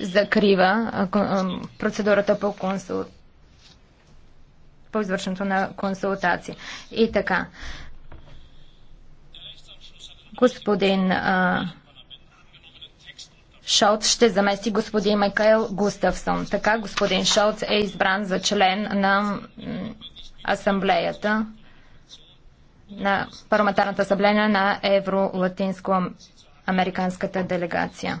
закрива процедурата по консулт по извършването на консултации. И така. Господин а, Шолц ще замести господин Майкъл Густавсон. Така господин Шолц е избран за член на асамблеята на парламентарната асамблея на Евро-Латинско-Американската делегация.